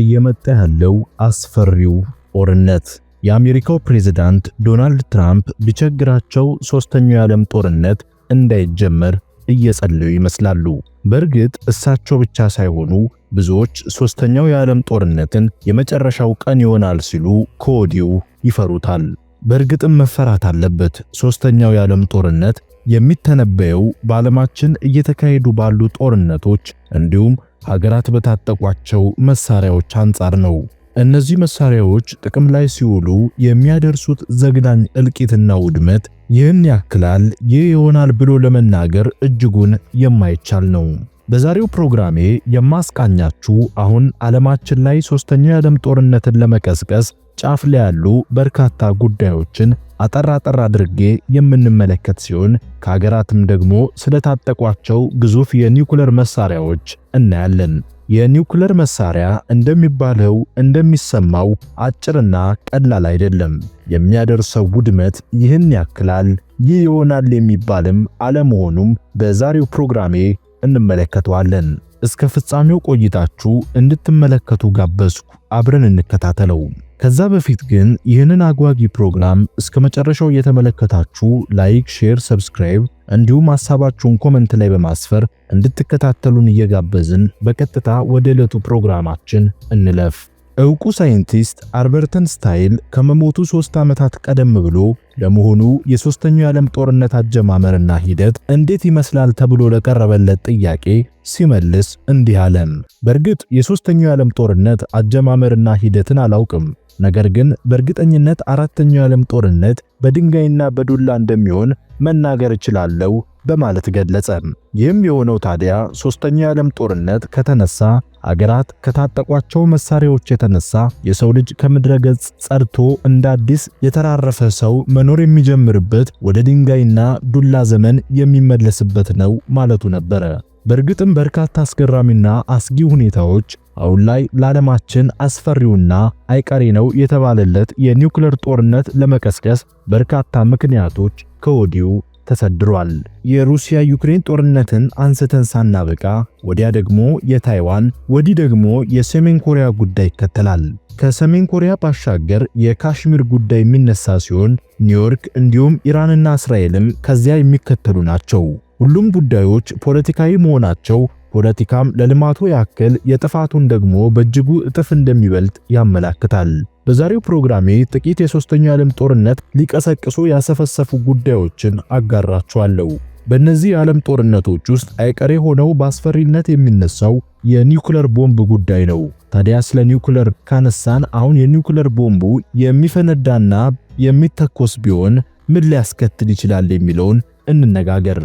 እየመጣ ያለው አስፈሪው ጦርነት የአሜሪካው ፕሬዝዳንት ዶናልድ ትራምፕ ቢቸግራቸው ሶስተኛው የዓለም ጦርነት እንዳይጀመር እየጸለዩ ይመስላሉ። በእርግጥ እሳቸው ብቻ ሳይሆኑ ብዙዎች ሶስተኛው የዓለም ጦርነትን የመጨረሻው ቀን ይሆናል ሲሉ ከወዲሁ ይፈሩታል። በእርግጥም መፈራት አለበት። ሶስተኛው የዓለም ጦርነት የሚተነበየው በዓለማችን እየተካሄዱ ባሉ ጦርነቶች እንዲሁም ሀገራት በታጠቋቸው መሳሪያዎች አንጻር ነው። እነዚህ መሳሪያዎች ጥቅም ላይ ሲውሉ የሚያደርሱት ዘግናኝ እልቂትና ውድመት ይህን ያክላል፣ ይህ ይሆናል ብሎ ለመናገር እጅጉን የማይቻል ነው። በዛሬው ፕሮግራሜ የማስቃኛችሁ አሁን ዓለማችን ላይ ሶስተኛው የዓለም ጦርነትን ለመቀስቀስ ጫፍ ላይ ያሉ በርካታ ጉዳዮችን አጠር አጠር አድርጌ የምንመለከት ሲሆን ከሀገራትም ደግሞ ስለታጠቋቸው ግዙፍ የኒውክለር መሳሪያዎች እናያለን። የኒውክለር መሳሪያ እንደሚባለው እንደሚሰማው አጭርና ቀላል አይደለም። የሚያደርሰው ውድመት ይህን ያክላል፣ ይህ ይሆናል የሚባልም አለመሆኑም በዛሬው ፕሮግራሜ እንመለከተዋለን። እስከ ፍጻሜው ቆይታችሁ እንድትመለከቱ ጋበዝኩ። አብረን እንከታተለው። ከዛ በፊት ግን ይህንን አጓጊ ፕሮግራም እስከ መጨረሻው እየተመለከታችሁ ላይክ፣ ሼር፣ ሰብስክራይብ እንዲሁም ሐሳባችሁን ኮመንት ላይ በማስፈር እንድትከታተሉን እየጋበዝን በቀጥታ ወደ ዕለቱ ፕሮግራማችን እንለፍ። እውቁ ሳይንቲስት አርበርተን ስታይል ከመሞቱ ሶስት ዓመታት ቀደም ብሎ ለመሆኑ የሶስተኛው የዓለም ጦርነት አጀማመርና ሂደት እንዴት ይመስላል ተብሎ ለቀረበለት ጥያቄ ሲመልስ እንዲህ አለም። በእርግጥ የሶስተኛው የዓለም ጦርነት አጀማመርና ሂደትን አላውቅም ነገር ግን በእርግጠኝነት አራተኛው የዓለም ጦርነት በድንጋይና በዱላ እንደሚሆን መናገር እችላለሁ በማለት ገለጸ። ይህም የሆነው ታዲያ ሶስተኛው የዓለም ጦርነት ከተነሳ አገራት ከታጠቋቸው መሳሪያዎች የተነሳ የሰው ልጅ ከምድረ ገጽ ጸድቶ እንደ አዲስ የተራረፈ ሰው መኖር የሚጀምርበት ወደ ድንጋይና ዱላ ዘመን የሚመለስበት ነው ማለቱ ነበረ። በእርግጥም በርካታ አስገራሚና አስጊ ሁኔታዎች አሁን ላይ ለዓለማችን አስፈሪውና አይቀሬ ነው የተባለለት የኒውክሌር ጦርነት ለመቀስቀስ በርካታ ምክንያቶች ከወዲሁ ተሰድሯል። የሩሲያ ዩክሬን ጦርነትን አንስተን ሳናበቃ ወዲያ ደግሞ የታይዋን ወዲህ ደግሞ የሰሜን ኮሪያ ጉዳይ ይከተላል። ከሰሜን ኮሪያ ባሻገር የካሽሚር ጉዳይ የሚነሳ ሲሆን ኒውዮርክ እንዲሁም ኢራንና እስራኤልም ከዚያ የሚከተሉ ናቸው። ሁሉም ጉዳዮች ፖለቲካዊ መሆናቸው ፖለቲካም ለልማቱ ያክል የጥፋቱን ደግሞ በእጅጉ እጥፍ እንደሚበልጥ ያመላክታል። በዛሬው ፕሮግራሜ ጥቂት የሶስተኛው ዓለም ጦርነት ሊቀሰቅሱ ያሰፈሰፉ ጉዳዮችን አጋራችኋለሁ። በእነዚህ የዓለም ጦርነቶች ውስጥ አይቀሬ ሆነው በአስፈሪነት የሚነሳው የኒውክለር ቦምብ ጉዳይ ነው። ታዲያ ስለ ኒውክለር ካነሳን አሁን የኒውክለር ቦምቡ የሚፈነዳና የሚተኮስ ቢሆን ምን ሊያስከትል ይችላል የሚለውን እንነጋገር።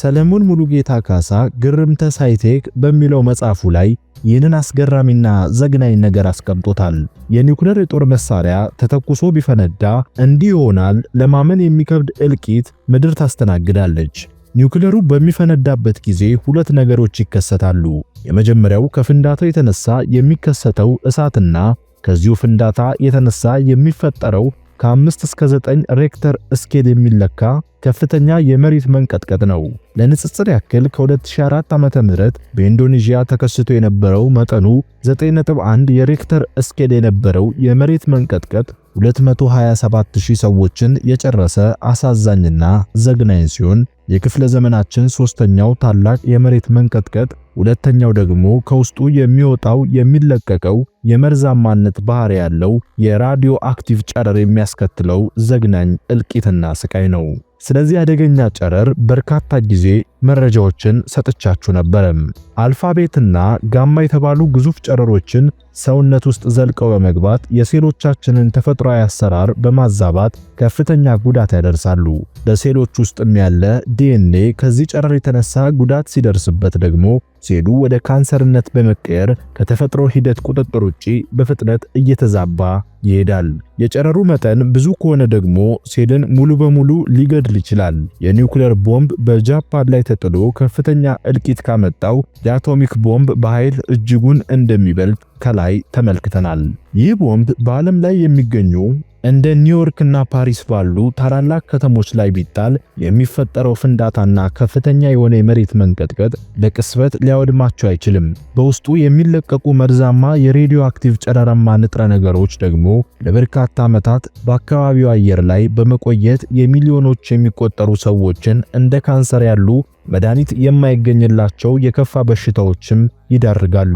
ሰለሞን ሙሉጌታ ካሳ ግርምተ ሳይቴክ በሚለው መጽሐፉ ላይ ይህንን አስገራሚና ዘግናኝ ነገር አስቀምጦታል። የኒውክለር የጦር መሳሪያ ተተኩሶ ቢፈነዳ እንዲህ ይሆናል ለማመን የሚከብድ እልቂት ምድር ታስተናግዳለች። ኒውክለሩ በሚፈነዳበት ጊዜ ሁለት ነገሮች ይከሰታሉ። የመጀመሪያው ከፍንዳታው የተነሳ የሚከሰተው እሳትና ከዚሁ ፍንዳታ የተነሳ የሚፈጠረው ከ5 እስከ 9 ሬክተር ስኬል የሚለካ ከፍተኛ የመሬት መንቀጥቀጥ ነው። ለንጽጽር ያክል ከ2004 ም በኢንዶኔዥያ ተከስቶ የነበረው መጠኑ 9.1 የሬክተር ስኬል የነበረው የመሬት መንቀጥቀጥ 227,000 ሰዎችን የጨረሰ አሳዛኝና ዘግናኝ ሲሆን የክፍለ ዘመናችን ሶስተኛው ታላቅ የመሬት መንቀጥቀጥ፣ ሁለተኛው ደግሞ ከውስጡ የሚወጣው የሚለቀቀው የመርዛማነት ባህሪ ያለው የራዲዮ አክቲቭ ጨረር የሚያስከትለው ዘግናኝ እልቂትና ስቃይ ነው። ስለዚህ አደገኛ ጨረር በርካታ ጊዜ መረጃዎችን ሰጥቻችሁ ነበረም። አልፋቤትና ጋማ የተባሉ ግዙፍ ጨረሮችን ሰውነት ውስጥ ዘልቀው በመግባት የሴሎቻችንን ተፈጥሯዊ አሰራር በማዛባት ከፍተኛ ጉዳት ያደርሳሉ። በሴሎች ውስጥም ያለ ዲኤንኤ ከዚህ ጨረር የተነሳ ጉዳት ሲደርስበት ደግሞ ሴሉ ወደ ካንሰርነት በመቀየር ከተፈጥሮ ሂደት ቁጥጥር ውጪ በፍጥነት እየተዛባ ይሄዳል። የጨረሩ መጠን ብዙ ከሆነ ደግሞ ሴልን ሙሉ በሙሉ ሊገድል ይችላል። የኒውክሌር ቦምብ በጃፓን ላይ ተጥሎ ከፍተኛ እልቂት ካመጣው የአቶሚክ ቦምብ በኃይል እጅጉን እንደሚበልጥ ከላይ ተመልክተናል። ይህ ቦምብ በዓለም ላይ የሚገኙ እንደ ኒውዮርክና ፓሪስ ባሉ ታላላቅ ከተሞች ላይ ቢጣል የሚፈጠረው ፍንዳታና ከፍተኛ የሆነ የመሬት መንቀጥቀጥ በቅስበት ሊያወድማቸው አይችልም። በውስጡ የሚለቀቁ መርዛማ የሬዲዮ አክቲቭ ጨረራማ ንጥረ ነገሮች ደግሞ ለበርካታ ዓመታት በአካባቢው አየር ላይ በመቆየት የሚሊዮኖች የሚቆጠሩ ሰዎችን እንደ ካንሰር ያሉ መድኃኒት የማይገኝላቸው የከፋ በሽታዎችም ይዳርጋሉ።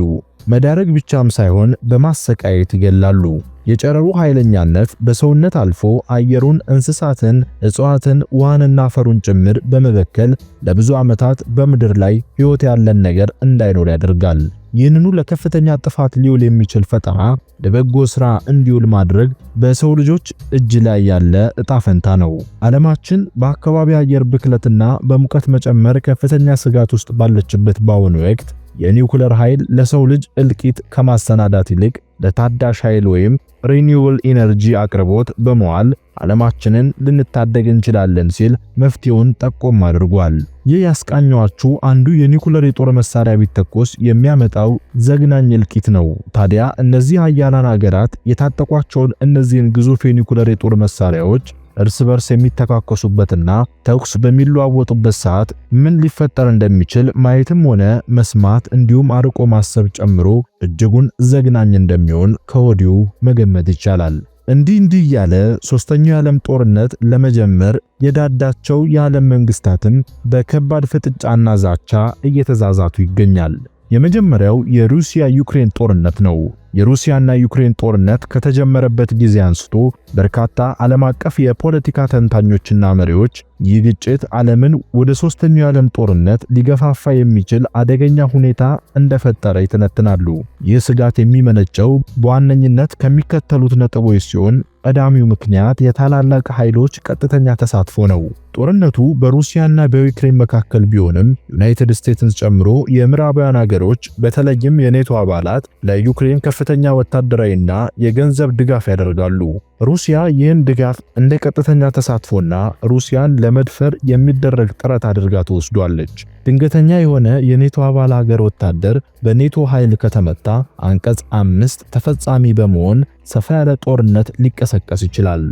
መዳረግ ብቻም ሳይሆን በማሰቃየት ይገላሉ። የጨረሩ ኃይለኛነት በሰውነት አልፎ አየሩን፣ እንስሳትን፣ እጽዋትን፣ ውሃንና አፈሩን ጭምር በመበከል ለብዙ ዓመታት በምድር ላይ ሕይወት ያለን ነገር እንዳይኖር ያደርጋል። ይህንኑ ለከፍተኛ ጥፋት ሊውል የሚችል ፈጠራ ለበጎ ሥራ እንዲውል ማድረግ በሰው ልጆች እጅ ላይ ያለ እጣ ፈንታ ነው። ዓለማችን በአካባቢ አየር ብክለትና በሙቀት መጨመር ከፍተኛ ስጋት ውስጥ ባለችበት በአሁኑ ወቅት የኒውክለር ኃይል ለሰው ልጅ እልቂት ከማሰናዳት ይልቅ ለታዳሽ ኃይል ወይም ሪኒውል ኢነርጂ አቅርቦት በመዋል ዓለማችንን ልንታደግ እንችላለን ሲል መፍትሄውን ጠቆም አድርጓል። ይህ ያስቃኘዋችሁ አንዱ የኒኩለር የጦር መሳሪያ ቢተኮስ የሚያመጣው ዘግናኝ እልቂት ነው። ታዲያ እነዚህ ሀያላን ሀገራት የታጠቋቸውን እነዚህን ግዙፍ የኒኩለር የጦር መሳሪያዎች እርስ በርስ የሚተካከሱበትና ተኩስ በሚለዋወጡበት ሰዓት ምን ሊፈጠር እንደሚችል ማየትም ሆነ መስማት እንዲሁም አርቆ ማሰብ ጨምሮ እጅጉን ዘግናኝ እንደሚሆን ከወዲሁ መገመት ይቻላል። እንዲህ እንዲህ እያለ ሶስተኛው የዓለም ጦርነት ለመጀመር የዳዳቸው የዓለም መንግስታትን በከባድ ፍጥጫና ዛቻ እየተዛዛቱ ይገኛል። የመጀመሪያው የሩሲያ ዩክሬን ጦርነት ነው። የሩሲያና ዩክሬን ጦርነት ከተጀመረበት ጊዜ አንስቶ በርካታ ዓለም አቀፍ የፖለቲካ ተንታኞችና መሪዎች ይህ ግጭት ዓለምን ወደ ሶስተኛው የዓለም ጦርነት ሊገፋፋ የሚችል አደገኛ ሁኔታ እንደፈጠረ ይተነትናሉ። ይህ ስጋት የሚመነጨው በዋነኝነት ከሚከተሉት ነጥቦች ሲሆን ቀዳሚው ምክንያት የታላላቅ ኃይሎች ቀጥተኛ ተሳትፎ ነው። ጦርነቱ በሩሲያና በዩክሬን መካከል ቢሆንም ዩናይትድ ስቴትስን ጨምሮ የምዕራባውያን አገሮች በተለይም የኔቶ አባላት ለዩክሬን ከፍ ከፍተኛ ወታደራዊና የገንዘብ ድጋፍ ያደርጋሉ። ሩሲያ ይህን ድጋፍ እንደ ቀጥተኛ ተሳትፎና ሩሲያን ለመድፈር የሚደረግ ጥረት አድርጋ ተወስዷለች። ድንገተኛ የሆነ የኔቶ አባል ሀገር ወታደር በኔቶ ኃይል ከተመታ አንቀጽ አምስት ተፈጻሚ በመሆን ሰፋ ያለ ጦርነት ሊቀሰቀስ ይችላል።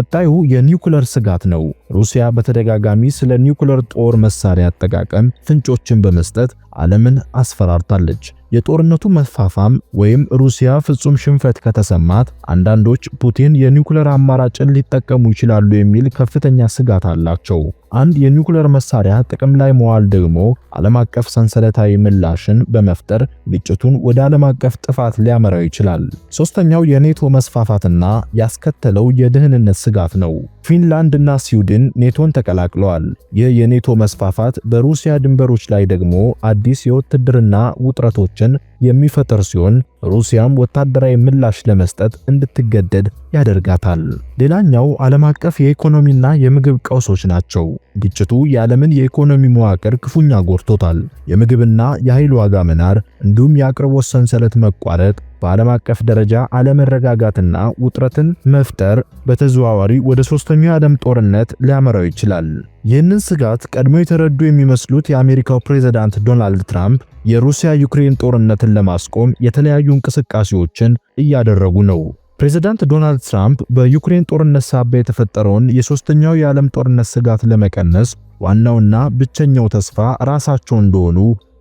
ቀጣዩ የኒውክለር ስጋት ነው። ሩሲያ በተደጋጋሚ ስለ ኒውክለር ጦር መሳሪያ አጠቃቀም ፍንጮችን በመስጠት ዓለምን አስፈራርታለች። የጦርነቱ መፋፋም ወይም ሩሲያ ፍጹም ሽንፈት ከተሰማት አንዳንዶች ፑቲን የኒውክሌር አማራጭን ሊጠቀሙ ይችላሉ የሚል ከፍተኛ ስጋት አላቸው። አንድ የኒውክሌር መሳሪያ ጥቅም ላይ መዋል ደግሞ ዓለም አቀፍ ሰንሰለታዊ ምላሽን በመፍጠር ግጭቱን ወደ ዓለም አቀፍ ጥፋት ሊያመራው ይችላል። ሶስተኛው የኔቶ መስፋፋትና ያስከተለው የደህንነት ስጋት ነው። ፊንላንድ እና ስዊድን ኔቶን ተቀላቅለዋል። ይህ የኔቶ መስፋፋት በሩሲያ ድንበሮች ላይ ደግሞ አዲስ የውትድርና ውጥረቶችን የሚፈጥር ሲሆን ሩሲያም ወታደራዊ ምላሽ ለመስጠት እንድትገደድ ያደርጋታል። ሌላኛው ዓለም አቀፍ የኢኮኖሚና የምግብ ቀውሶች ናቸው። ግጭቱ የዓለምን የኢኮኖሚ መዋቅር ክፉኛ ጎድቶታል። የምግብና የኃይል ዋጋ መናር እንዲሁም የአቅርቦት ሰንሰለት መቋረጥ በዓለም አቀፍ ደረጃ አለመረጋጋትና ውጥረትን መፍጠር በተዘዋዋሪ ወደ ሶስተኛው የዓለም ጦርነት ሊያመራው ይችላል። ይህንን ስጋት ቀድሞ የተረዱ የሚመስሉት የአሜሪካው ፕሬዝዳንት ዶናልድ ትራምፕ የሩሲያ ዩክሬን ጦርነትን ለማስቆም የተለያዩ እንቅስቃሴዎችን እያደረጉ ነው። ፕሬዚዳንት ዶናልድ ትራምፕ በዩክሬን ጦርነት ሳቢያ የተፈጠረውን የሶስተኛው የዓለም ጦርነት ስጋት ለመቀነስ ዋናውና ብቸኛው ተስፋ ራሳቸው እንደሆኑ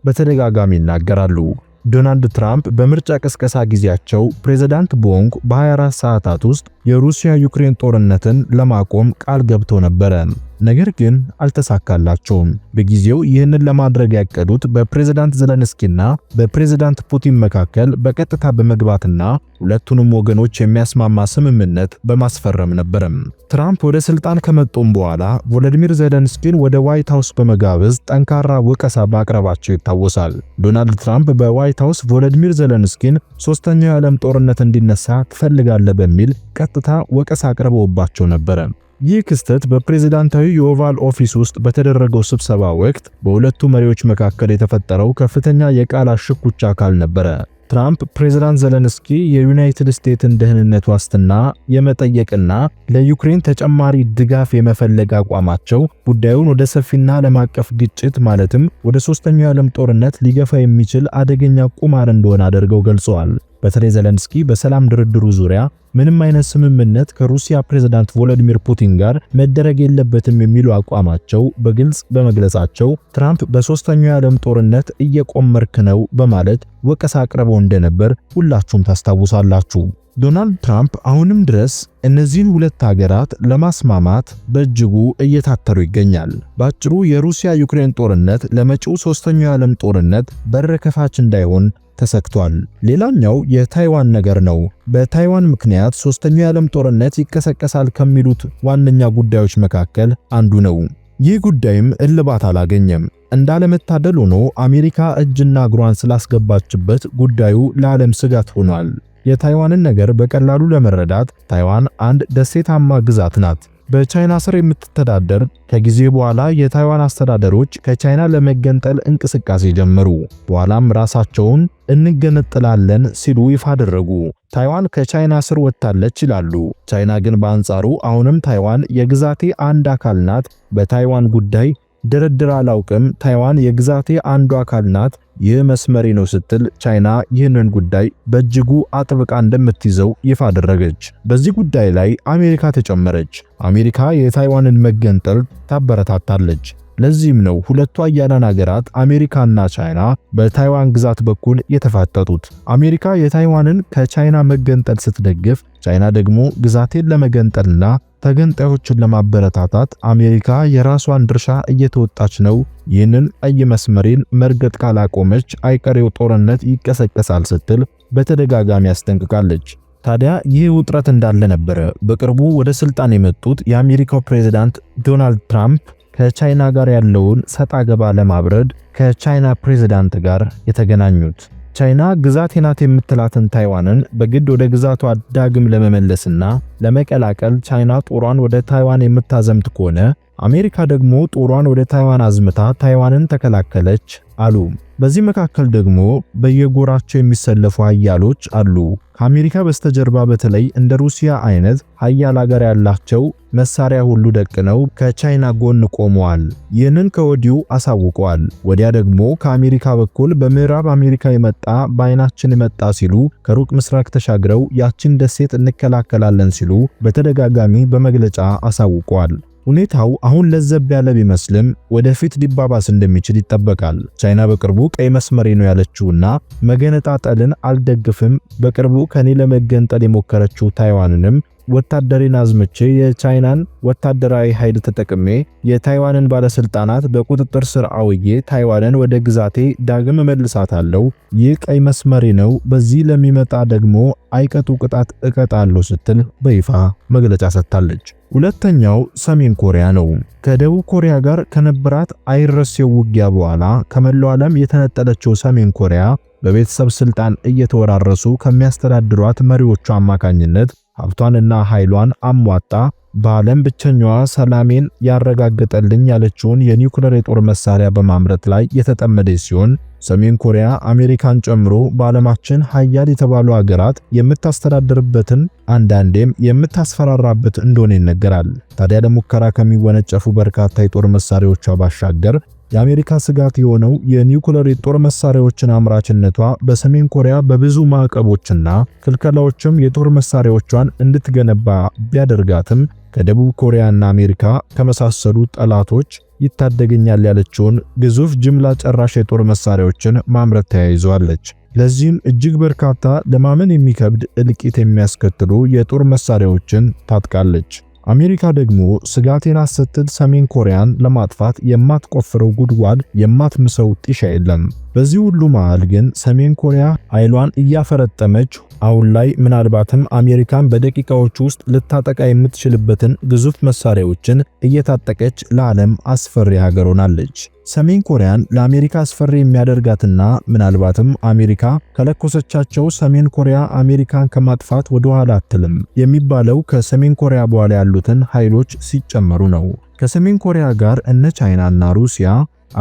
በተደጋጋሚ ይናገራሉ። ዶናልድ ትራምፕ በምርጫ ቅስቀሳ ጊዜያቸው ፕሬዚዳንት ቦንግ በ24 ሰዓታት ውስጥ የሩሲያ ዩክሬን ጦርነትን ለማቆም ቃል ገብተው ነበረ። ነገር ግን አልተሳካላቸውም። በጊዜው ይህንን ለማድረግ ያቀዱት በፕሬዝዳንት ዘለንስኪና በፕሬዝዳንት ፑቲን መካከል በቀጥታ በመግባትና ሁለቱንም ወገኖች የሚያስማማ ስምምነት በማስፈረም ነበረም። ትራምፕ ወደ ስልጣን ከመጡም በኋላ ቮሎዲሚር ዘለንስኪን ወደ ዋይት ሃውስ በመጋበዝ ጠንካራ ወቀሳ ማቅረባቸው ይታወሳል። ዶናልድ ትራምፕ በዋይት ሃውስ ቮሎዲሚር ዘለንስኪን ሶስተኛው የዓለም ጦርነት እንዲነሳ ትፈልጋለህ በሚል ቀጥታ ወቀሳ አቅርበውባቸው ነበረ። ይህ ክስተት በፕሬዝዳንታዊ የኦቫል ኦፊስ ውስጥ በተደረገው ስብሰባ ወቅት በሁለቱ መሪዎች መካከል የተፈጠረው ከፍተኛ የቃል አሽኩቻ አካል ነበረ። ትራምፕ ፕሬዝዳንት ዘለንስኪ የዩናይትድ ስቴትስን ደህንነት ዋስትና የመጠየቅና ለዩክሬን ተጨማሪ ድጋፍ የመፈለግ አቋማቸው ጉዳዩን ወደ ሰፊና ዓለም አቀፍ ግጭት ማለትም ወደ ሶስተኛው የዓለም ጦርነት ሊገፋ የሚችል አደገኛ ቁማር እንደሆነ አድርገው ገልጸዋል። በተለይ ዘለንስኪ በሰላም ድርድሩ ዙሪያ ምንም አይነት ስምምነት ከሩሲያ ፕሬዝዳንት ቮሎዲሚር ፑቲን ጋር መደረግ የለበትም የሚሉ አቋማቸው በግልጽ በመግለጻቸው ትራምፕ በሶስተኛው የዓለም ጦርነት እየቆመርክ ነው በማለት ወቀሳ አቅርበው እንደነበር ሁላችሁም ታስታውሳላችሁ። ዶናልድ ትራምፕ አሁንም ድረስ እነዚህን ሁለት ሀገራት ለማስማማት በእጅጉ እየታተሩ ይገኛል። በአጭሩ የሩሲያ ዩክሬን ጦርነት ለመጪው ሶስተኛው የዓለም ጦርነት በር ከፋች እንዳይሆን ተሰክቷል። ሌላኛው የታይዋን ነገር ነው። በታይዋን ምክንያት ሶስተኛው የዓለም ጦርነት ይቀሰቀሳል ከሚሉት ዋነኛ ጉዳዮች መካከል አንዱ ነው። ይህ ጉዳይም እልባት አላገኘም። እንዳለመታደል ሆኖ አሜሪካ እጅና እግሯን ስላስገባችበት ጉዳዩ ለዓለም ስጋት ሆኗል። የታይዋንን ነገር በቀላሉ ለመረዳት ታይዋን አንድ ደሴታማ ግዛት ናት። በቻይና ስር የምትተዳደር ከጊዜ በኋላ የታይዋን አስተዳደሮች ከቻይና ለመገንጠል እንቅስቃሴ ጀመሩ። በኋላም ራሳቸውን እንገነጥላለን ሲሉ ይፋ አደረጉ። ታይዋን ከቻይና ስር ወጥታለች ይላሉ። ቻይና ግን በአንጻሩ አሁንም ታይዋን የግዛቴ አንድ አካል ናት፣ በታይዋን ጉዳይ ድርድር አላውቅም፣ ታይዋን የግዛቴ አንዱ አካል ናት፣ ይህ መስመሬ ነው ስትል ቻይና ይህንን ጉዳይ በእጅጉ አጥብቃ እንደምትይዘው ይፋ አደረገች። በዚህ ጉዳይ ላይ አሜሪካ ተጨመረች። አሜሪካ የታይዋንን መገንጠል ታበረታታለች። ለዚህም ነው ሁለቱ አያላን ሀገራት አሜሪካና ቻይና በታይዋን ግዛት በኩል የተፋጠጡት። አሜሪካ የታይዋንን ከቻይና መገንጠል ስትደግፍ፣ ቻይና ደግሞ ግዛቴን ለመገንጠልና ተገንጣዮችን ለማበረታታት አሜሪካ የራሷን ድርሻ እየተወጣች ነው፣ ይህንን ቀይ መስመሬን መርገጥ ካላቆመች አይቀሬው ጦርነት ይቀሰቀሳል ስትል በተደጋጋሚ አስጠንቅቃለች። ታዲያ ይህ ውጥረት እንዳለ ነበረ በቅርቡ ወደ ስልጣን የመጡት የአሜሪካው ፕሬዝዳንት ዶናልድ ትራምፕ ከቻይና ጋር ያለውን ሰጣ ገባ ለማብረድ ከቻይና ፕሬዝዳንት ጋር የተገናኙት። ቻይና ግዛቴ ናት የምትላትን ታይዋንን በግድ ወደ ግዛቷ ዳግም ለመመለስና ለመቀላቀል ቻይና ጦሯን ወደ ታይዋን የምታዘምት ከሆነ አሜሪካ ደግሞ ጦሯን ወደ ታይዋን አዝምታ ታይዋንን ተከላከለች አሉ። በዚህ መካከል ደግሞ በየጎራቸው የሚሰለፉ ሀያሎች አሉ። ከአሜሪካ በስተጀርባ በተለይ እንደ ሩሲያ አይነት ሀያል ሀገር ያላቸው መሳሪያ ሁሉ ደቅነው ከቻይና ጎን ቆመዋል። ይህንን ከወዲሁ አሳውቀዋል። ወዲያ ደግሞ ከአሜሪካ በኩል በምዕራብ አሜሪካ የመጣ በአይናችን የመጣ ሲሉ ከሩቅ ምስራቅ ተሻግረው ያችን ደሴት እንከላከላለን ሲሉ በተደጋጋሚ በመግለጫ አሳውቀዋል። ሁኔታው አሁን ለዘብ ያለ ቢመስልም ወደፊት ሊባባስ እንደሚችል ይጠበቃል። ቻይና በቅርቡ ቀይ መስመሬ ነው ያለችውና መገነጣጠልን አልደግፍም፣ በቅርቡ ከኔ ለመገንጠል የሞከረችው ታይዋንንም ወታደሬን አዝምቼ የቻይናን ወታደራዊ ኃይል ተጠቅሜ የታይዋንን ባለስልጣናት በቁጥጥር ስር አውዬ ታይዋንን ወደ ግዛቴ ዳግም እመልሳታለሁ። ይህ ቀይ መስመሬ ነው፣ በዚህ ለሚመጣ ደግሞ አይቀጡ ቅጣት እቀጣለሁ ስትል በይፋ መግለጫ ሰጥታለች። ሁለተኛው ሰሜን ኮሪያ ነው። ከደቡብ ኮሪያ ጋር ከነበራት አይረሴው ውጊያ በኋላ ከመላው ዓለም የተነጠለችው ሰሜን ኮሪያ በቤተሰብ ስልጣን እየተወራረሱ ከሚያስተዳድሯት መሪዎቿ አማካኝነት ሀብቷንና ኃይሏን አሟጣ በዓለም ብቸኛዋ ሰላሜን ያረጋገጠልኝ ያለችውን የኒውክለር የጦር መሳሪያ በማምረት ላይ የተጠመደች ሲሆን ሰሜን ኮሪያ አሜሪካን ጨምሮ በዓለማችን ሀያል የተባሉ ሀገራት የምታስተዳድርበትን አንዳንዴም የምታስፈራራበት እንደሆነ ይነገራል። ታዲያ ለሙከራ ከሚወነጨፉ በርካታ የጦር መሳሪያዎቿ ባሻገር የአሜሪካ ስጋት የሆነው የኒውክለር የጦር መሳሪያዎችን አምራችነቷ በሰሜን ኮሪያ በብዙ ማዕቀቦችና ክልከላዎችም የጦር መሳሪያዎቿን እንድትገነባ ቢያደርጋትም ከደቡብ ኮሪያና አሜሪካ ከመሳሰሉ ጠላቶች ይታደገኛል ያለችውን ግዙፍ ጅምላ ጨራሽ የጦር መሳሪያዎችን ማምረት ተያይዟለች። ለዚህም እጅግ በርካታ ለማመን የሚከብድ እልቂት የሚያስከትሉ የጦር መሳሪያዎችን ታጥቃለች። አሜሪካ ደግሞ ስጋቴን ስትል ሰሜን ኮሪያን ለማጥፋት የማትቆፍረው ጉድጓድ የማትምሰው ጢሻ የለም። በዚህ ሁሉ መሃል ግን ሰሜን ኮሪያ ኃይሏን እያፈረጠመች አሁን ላይ ምናልባትም አሜሪካን በደቂቃዎች ውስጥ ልታጠቃ የምትችልበትን ግዙፍ መሳሪያዎችን እየታጠቀች ለዓለም አስፈሪ ሀገር ሆናለች። ሰሜን ኮሪያን ለአሜሪካ አስፈሪ የሚያደርጋትና ምናልባትም አሜሪካ ከለኮሰቻቸው ሰሜን ኮሪያ አሜሪካን ከማጥፋት ወደ ኋላ አትልም የሚባለው ከሰሜን ኮሪያ በኋላ ያሉትን ኃይሎች ሲጨመሩ ነው። ከሰሜን ኮሪያ ጋር እነ እና ሩሲያ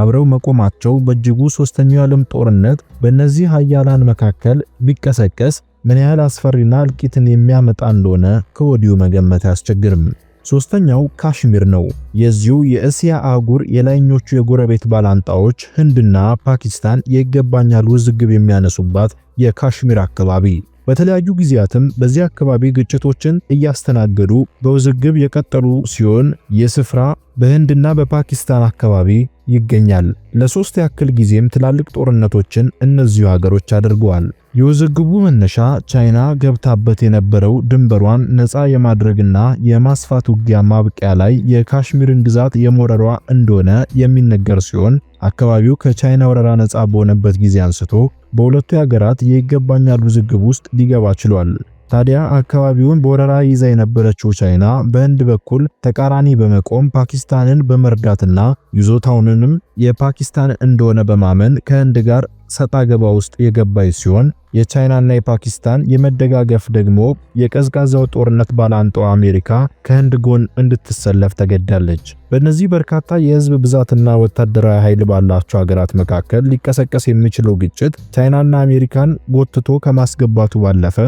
አብረው መቆማቸው በእጅጉ ሶስተኛው የዓለም ጦርነት በእነዚህ ሀያላን መካከል ቢቀሰቀስ ምን ያህል አስፈሪና እልቂትን የሚያመጣ እንደሆነ ከወዲሁ መገመት አያስቸግርም። ሶስተኛው ካሽሚር ነው። የዚሁ የእስያ አህጉር የላይኞቹ የጎረቤት ባላንጣዎች ህንድና ፓኪስታን የይገባኛል ውዝግብ የሚያነሱባት የካሽሚር አካባቢ በተለያዩ ጊዜያትም በዚህ አካባቢ ግጭቶችን እያስተናገዱ በውዝግብ የቀጠሉ ሲሆን የስፍራ በህንድና በፓኪስታን አካባቢ ይገኛል። ለሶስት ያክል ጊዜም ትላልቅ ጦርነቶችን እነዚሁ ሀገሮች አድርገዋል። የውዝግቡ መነሻ ቻይና ገብታበት የነበረው ድንበሯን ነፃ የማድረግና የማስፋት ውጊያ ማብቂያ ላይ የካሽሚርን ግዛት የመውረሯ እንደሆነ የሚነገር ሲሆን አካባቢው ከቻይና ወረራ ነፃ በሆነበት ጊዜ አንስቶ በሁለቱ ሀገራት የይገባኛል ውዝግብ ውስጥ ሊገባ ችሏል። ታዲያ አካባቢውን በወረራ ይዛ የነበረችው ቻይና በህንድ በኩል ተቃራኒ በመቆም ፓኪስታንን በመርዳትና ይዞታውንም የፓኪስታን እንደሆነ በማመን ከህንድ ጋር ሰጣ ገባ ውስጥ የገባች ሲሆን የቻይናና የፓኪስታን የመደጋገፍ ደግሞ የቀዝቃዛው ጦርነት ባላንጣው አሜሪካ ከህንድ ጎን እንድትሰለፍ ተገዳለች። በእነዚህ በርካታ የህዝብ ብዛትና ወታደራዊ ኃይል ባላቸው ሀገራት መካከል ሊቀሰቀስ የሚችለው ግጭት ቻይናና አሜሪካን ጎትቶ ከማስገባቱ ባለፈ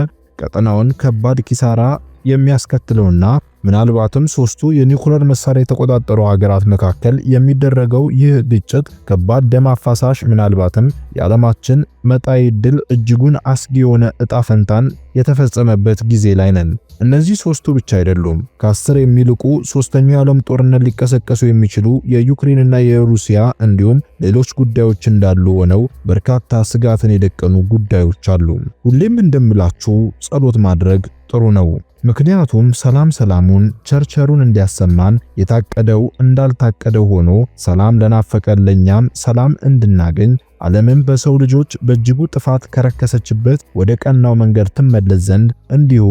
ቀጠናውን ከባድ ኪሳራ የሚያስከትለውና ምናልባትም ሶስቱ የኒኩለር መሳሪያ የተቆጣጠሩ ሀገራት መካከል የሚደረገው ይህ ግጭት ከባድ ደም አፋሳሽ ምናልባትም የዓለማችን መጣይ ድል እጅጉን አስጊ የሆነ እጣ ፈንታን የተፈጸመበት ጊዜ ላይ ነን። እነዚህ ሶስቱ ብቻ አይደሉም። ከአስር የሚልቁ ሶስተኛው የዓለም ጦርነት ሊቀሰቀሱ የሚችሉ የዩክሬንና የሩሲያ እንዲሁም ሌሎች ጉዳዮች እንዳሉ ሆነው በርካታ ስጋትን የደቀኑ ጉዳዮች አሉ። ሁሌም እንደምላችሁ ጸሎት ማድረግ ጥሩ ነው። ምክንያቱም ሰላም ሰላሙን ቸርቸሩን እንዲያሰማን የታቀደው እንዳልታቀደው ሆኖ ሰላም ለናፈቀን ለእኛም ሰላም እንድናገኝ ዓለምም በሰው ልጆች በእጅጉ ጥፋት ከረከሰችበት ወደ ቀናው መንገድ ትመለስ ዘንድ እንዲሁ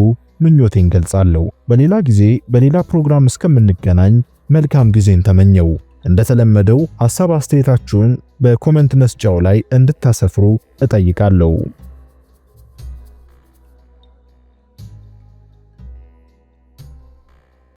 ምኞቴን ገልጻለሁ። በሌላ ጊዜ በሌላ ፕሮግራም እስከምንገናኝ መልካም ጊዜን ተመኘው። እንደተለመደው ሐሳብ አስተያየታችሁን በኮመንት መስጫው ላይ እንድታሰፍሩ እጠይቃለሁ።